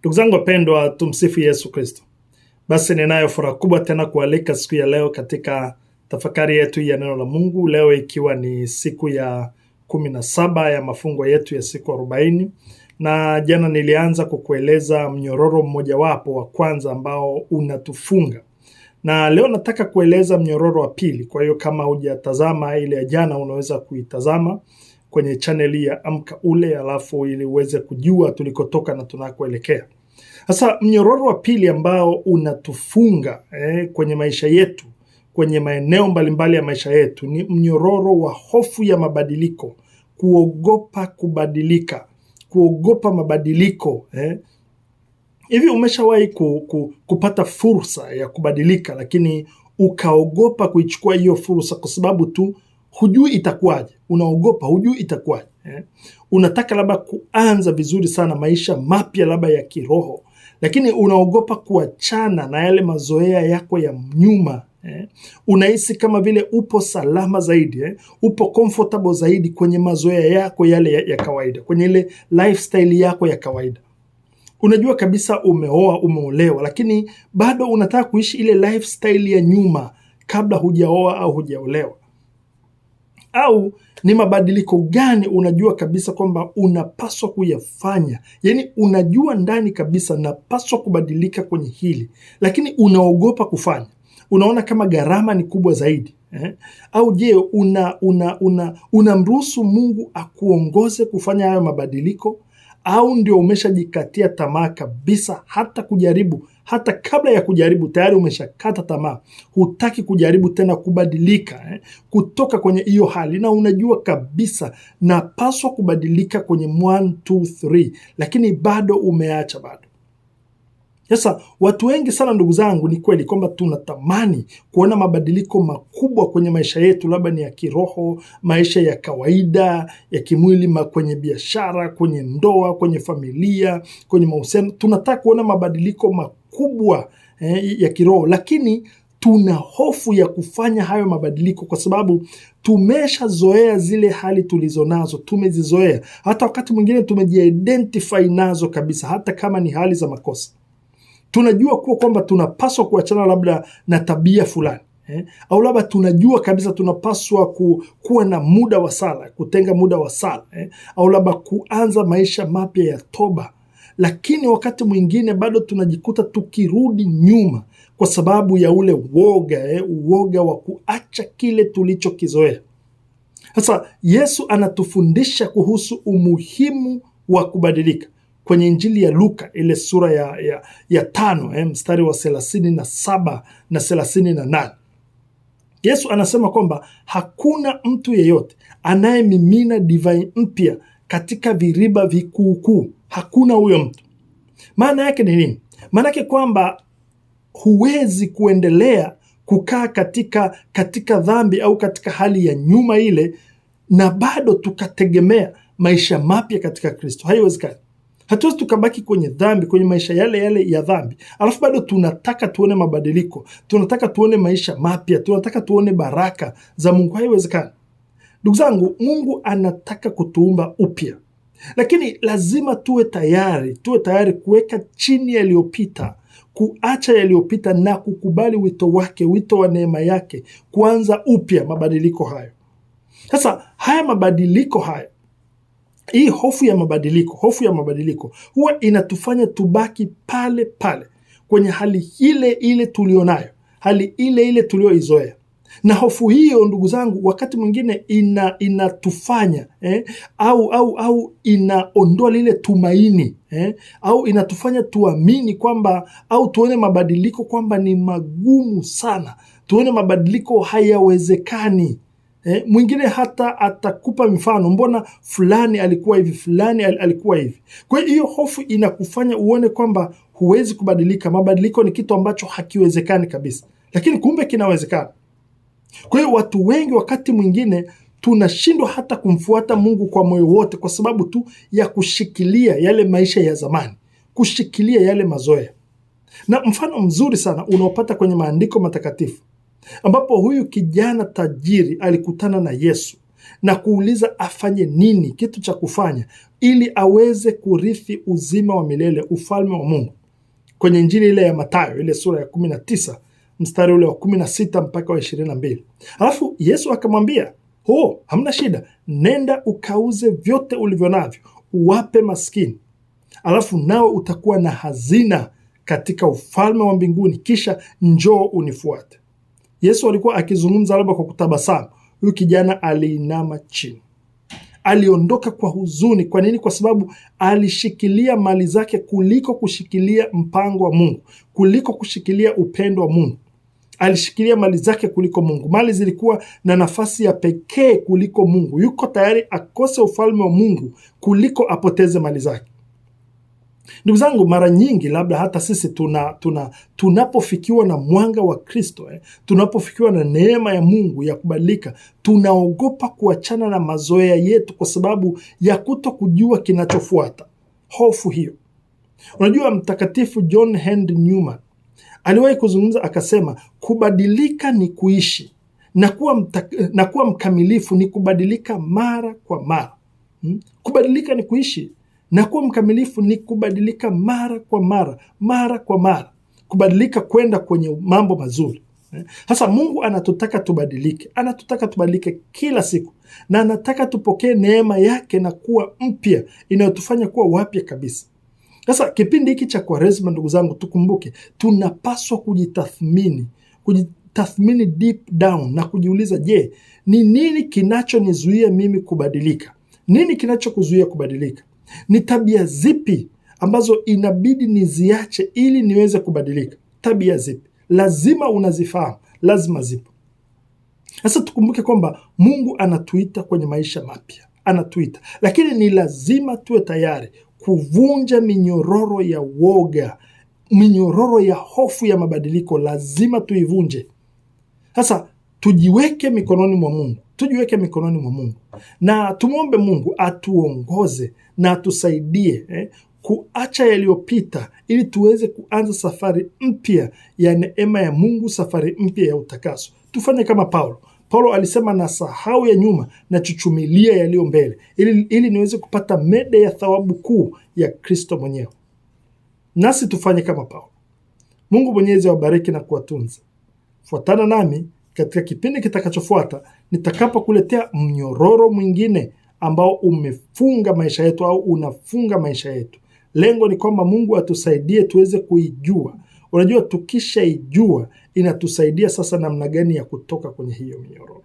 Ndugu zangu wapendwa, tumsifu Yesu Kristo. Basi ninayo furaha kubwa tena kualika siku ya leo katika tafakari yetu ya neno la Mungu, leo ikiwa ni siku ya kumi na saba ya mafungo yetu ya siku arobaini na jana nilianza kukueleza mnyororo mmojawapo wa kwanza ambao unatufunga na leo nataka kueleza mnyororo wa pili. Kwa hiyo kama hujatazama ile ya jana, unaweza kuitazama kwenye chaneli ya Amka Ule, alafu ili uweze kujua tulikotoka na tunakoelekea. Sasa mnyororo wa pili ambao unatufunga eh, kwenye maisha yetu kwenye maeneo mbalimbali ya maisha yetu ni mnyororo wa hofu ya mabadiliko, kuogopa kubadilika, kuogopa mabadiliko eh. Hivi umeshawahi ku, ku, kupata fursa ya kubadilika, lakini ukaogopa kuichukua hiyo fursa kwa sababu tu hujui itakuwaje, unaogopa, hujui itakuwaje eh? Unataka labda kuanza vizuri sana maisha mapya labda ya kiroho, lakini unaogopa kuachana na yale mazoea yako ya nyuma eh? Unahisi kama vile upo salama zaidi eh? Upo comfortable zaidi kwenye mazoea yako yale ya, ya kawaida, kwenye ile lifestyle yako ya kawaida Unajua kabisa umeoa umeolewa, lakini bado unataka kuishi ile lifestyle ya nyuma kabla hujaoa au hujaolewa au ni mabadiliko gani unajua kabisa kwamba unapaswa kuyafanya? Yaani unajua ndani kabisa napaswa kubadilika kwenye hili, lakini unaogopa kufanya, unaona kama gharama ni kubwa zaidi eh? Au je, una una una unamruhusu Mungu akuongoze kufanya hayo mabadiliko, au ndio umeshajikatia tamaa kabisa hata kujaribu hata kabla ya kujaribu tayari umeshakata tamaa, hutaki kujaribu tena kubadilika eh, kutoka kwenye hiyo hali, na unajua kabisa napaswa kubadilika kwenye 1 2 3, lakini bado umeacha bado sasa watu wengi sana ndugu zangu, ni kweli kwamba tunatamani kuona mabadiliko makubwa kwenye maisha yetu, labda ni ya kiroho, maisha ya kawaida, ya kimwili, kwenye biashara, kwenye ndoa, kwenye familia, kwenye mahusiano. Tunataka kuona mabadiliko makubwa kubwa eh, ya kiroho, lakini tuna hofu ya kufanya hayo mabadiliko kwa sababu tumeshazoea zile hali tulizo nazo, tumezizoea. Hata wakati mwingine tumejiidentify nazo kabisa, hata kama ni hali za makosa. Tunajua kuwa kwamba tunapaswa kuachana labda na tabia fulani eh, au labda tunajua kabisa tunapaswa ku, kuwa na muda wa sala, kutenga muda wa sala eh, au labda kuanza maisha mapya ya toba lakini wakati mwingine bado tunajikuta tukirudi nyuma kwa sababu ya ule woga eh, uoga wa kuacha kile tulichokizoea. Sasa Yesu anatufundisha kuhusu umuhimu wa kubadilika kwenye Injili ya Luka ile sura ya, ya, ya tano eh, mstari wa thelathini na saba na thelathini na nane Yesu anasema kwamba hakuna mtu yeyote anayemimina divai mpya katika viriba vikuukuu hakuna huyo mtu. Maana yake ni nini? Maana yake kwamba huwezi kuendelea kukaa katika katika dhambi au katika hali ya nyuma ile, na bado tukategemea maisha mapya katika Kristo. Haiwezekani. Hatuwezi tukabaki kwenye dhambi, kwenye maisha yale yale ya dhambi, alafu bado tunataka tuone mabadiliko, tunataka tuone maisha mapya, tunataka tuone baraka za Mungu. Haiwezekani ndugu zangu. Mungu anataka kutuumba upya. Lakini lazima tuwe tayari, tuwe tayari kuweka chini yaliyopita, kuacha yaliyopita na kukubali wito wake, wito wa neema yake, kuanza upya mabadiliko hayo. Sasa haya mabadiliko hayo hii hofu ya mabadiliko, hofu ya mabadiliko huwa inatufanya tubaki pale pale kwenye hali ile ile tulionayo, hali ile ile tulioizoea na hofu hiyo, ndugu zangu, wakati mwingine ina inatufanya eh, au au au inaondoa lile tumaini eh, au inatufanya tuamini kwamba au tuone mabadiliko kwamba ni magumu sana, tuone mabadiliko hayawezekani. Eh, mwingine hata atakupa mfano mbona fulani alikuwa hivi, fulani alikuwa hivi. Kwa hiyo hofu inakufanya uone kwamba huwezi kubadilika, mabadiliko ni kitu ambacho hakiwezekani kabisa, lakini kumbe kinawezekana. Kwa hiyo watu wengi wakati mwingine tunashindwa hata kumfuata Mungu kwa moyo wote kwa sababu tu ya kushikilia yale maisha ya zamani, kushikilia yale mazoea. Na mfano mzuri sana unaopata kwenye maandiko matakatifu ambapo huyu kijana tajiri alikutana na Yesu na kuuliza afanye nini, kitu cha kufanya ili aweze kurithi uzima wa milele, ufalme wa Mungu, kwenye Injili ile ya Mathayo ile sura ya kumi na tisa mstari ule wa kumi na sita mpaka wa ishirini na mbili. Alafu Yesu akamwambia ho, hamna shida, nenda ukauze vyote ulivyo navyo uwape maskini, alafu nawe utakuwa na hazina katika ufalme wa mbinguni, kisha njoo unifuate. Yesu alikuwa akizungumza labda kwa kutabasamu. Huyu kijana aliinama chini, aliondoka kwa huzuni. Kwa nini? Kwa sababu alishikilia mali zake kuliko kushikilia mpango wa Mungu, kuliko kushikilia upendo wa Mungu alishikilia mali zake kuliko Mungu. Mali zilikuwa na nafasi ya pekee kuliko Mungu. Yuko tayari akose ufalme wa Mungu kuliko apoteze mali zake. Ndugu zangu, mara nyingi labda hata sisi tuna, tuna tunapofikiwa na mwanga wa Kristo eh, tunapofikiwa na neema ya Mungu ya kubadilika, tunaogopa kuachana na mazoea yetu kwa sababu ya kuto kujua kinachofuata, hofu hiyo. Unajua, Mtakatifu John Henry Newman Aliwahi kuzungumza akasema, kubadilika ni kuishi na kuwa, mta, na kuwa mkamilifu ni kubadilika mara kwa mara hmm? Kubadilika ni kuishi na kuwa mkamilifu ni kubadilika mara kwa mara, mara kwa mara, kubadilika kwenda kwenye mambo mazuri. Hmm? Sasa Mungu anatutaka tubadilike, anatutaka tubadilike kila siku, na anataka tupokee neema yake na kuwa mpya inayotufanya kuwa wapya kabisa. Sasa kipindi hiki cha Kwaresma, ndugu zangu, tukumbuke tunapaswa kujitathmini, kujitathmini deep down na kujiuliza, je, ni nini kinachonizuia mimi kubadilika? Nini kinachokuzuia kubadilika? Ni tabia zipi ambazo inabidi niziache ili niweze kubadilika? Tabia zipi? Lazima unazifahamu, lazima zipo. Sasa tukumbuke kwamba Mungu anatuita kwenye maisha mapya, anatuita, lakini ni lazima tuwe tayari kuvunja minyororo ya woga, minyororo ya hofu ya mabadiliko, lazima tuivunje. Sasa tujiweke mikononi mwa Mungu, tujiweke mikononi mwa Mungu na tumwombe Mungu atuongoze na atusaidie eh, kuacha yaliyopita ili tuweze kuanza safari mpya ya neema ya Mungu, safari mpya ya utakaso. Tufanye kama Paulo Paulo alisema na sahau ya nyuma na chuchumilia yaliyo mbele, ili, ili niweze kupata mede ya thawabu kuu ya Kristo mwenyewe. Nasi tufanye kama Paulo. Mungu Mwenyezi awabariki na kuwatunza. Fuatana nami katika kipindi kitakachofuata nitakapokuletea mnyororo mwingine ambao umefunga maisha yetu au unafunga maisha yetu. Lengo ni kwamba Mungu atusaidie tuweze kuijua Unajua, tukishaijua inatusaidia sasa namna gani ya kutoka kwenye hiyo minyororo.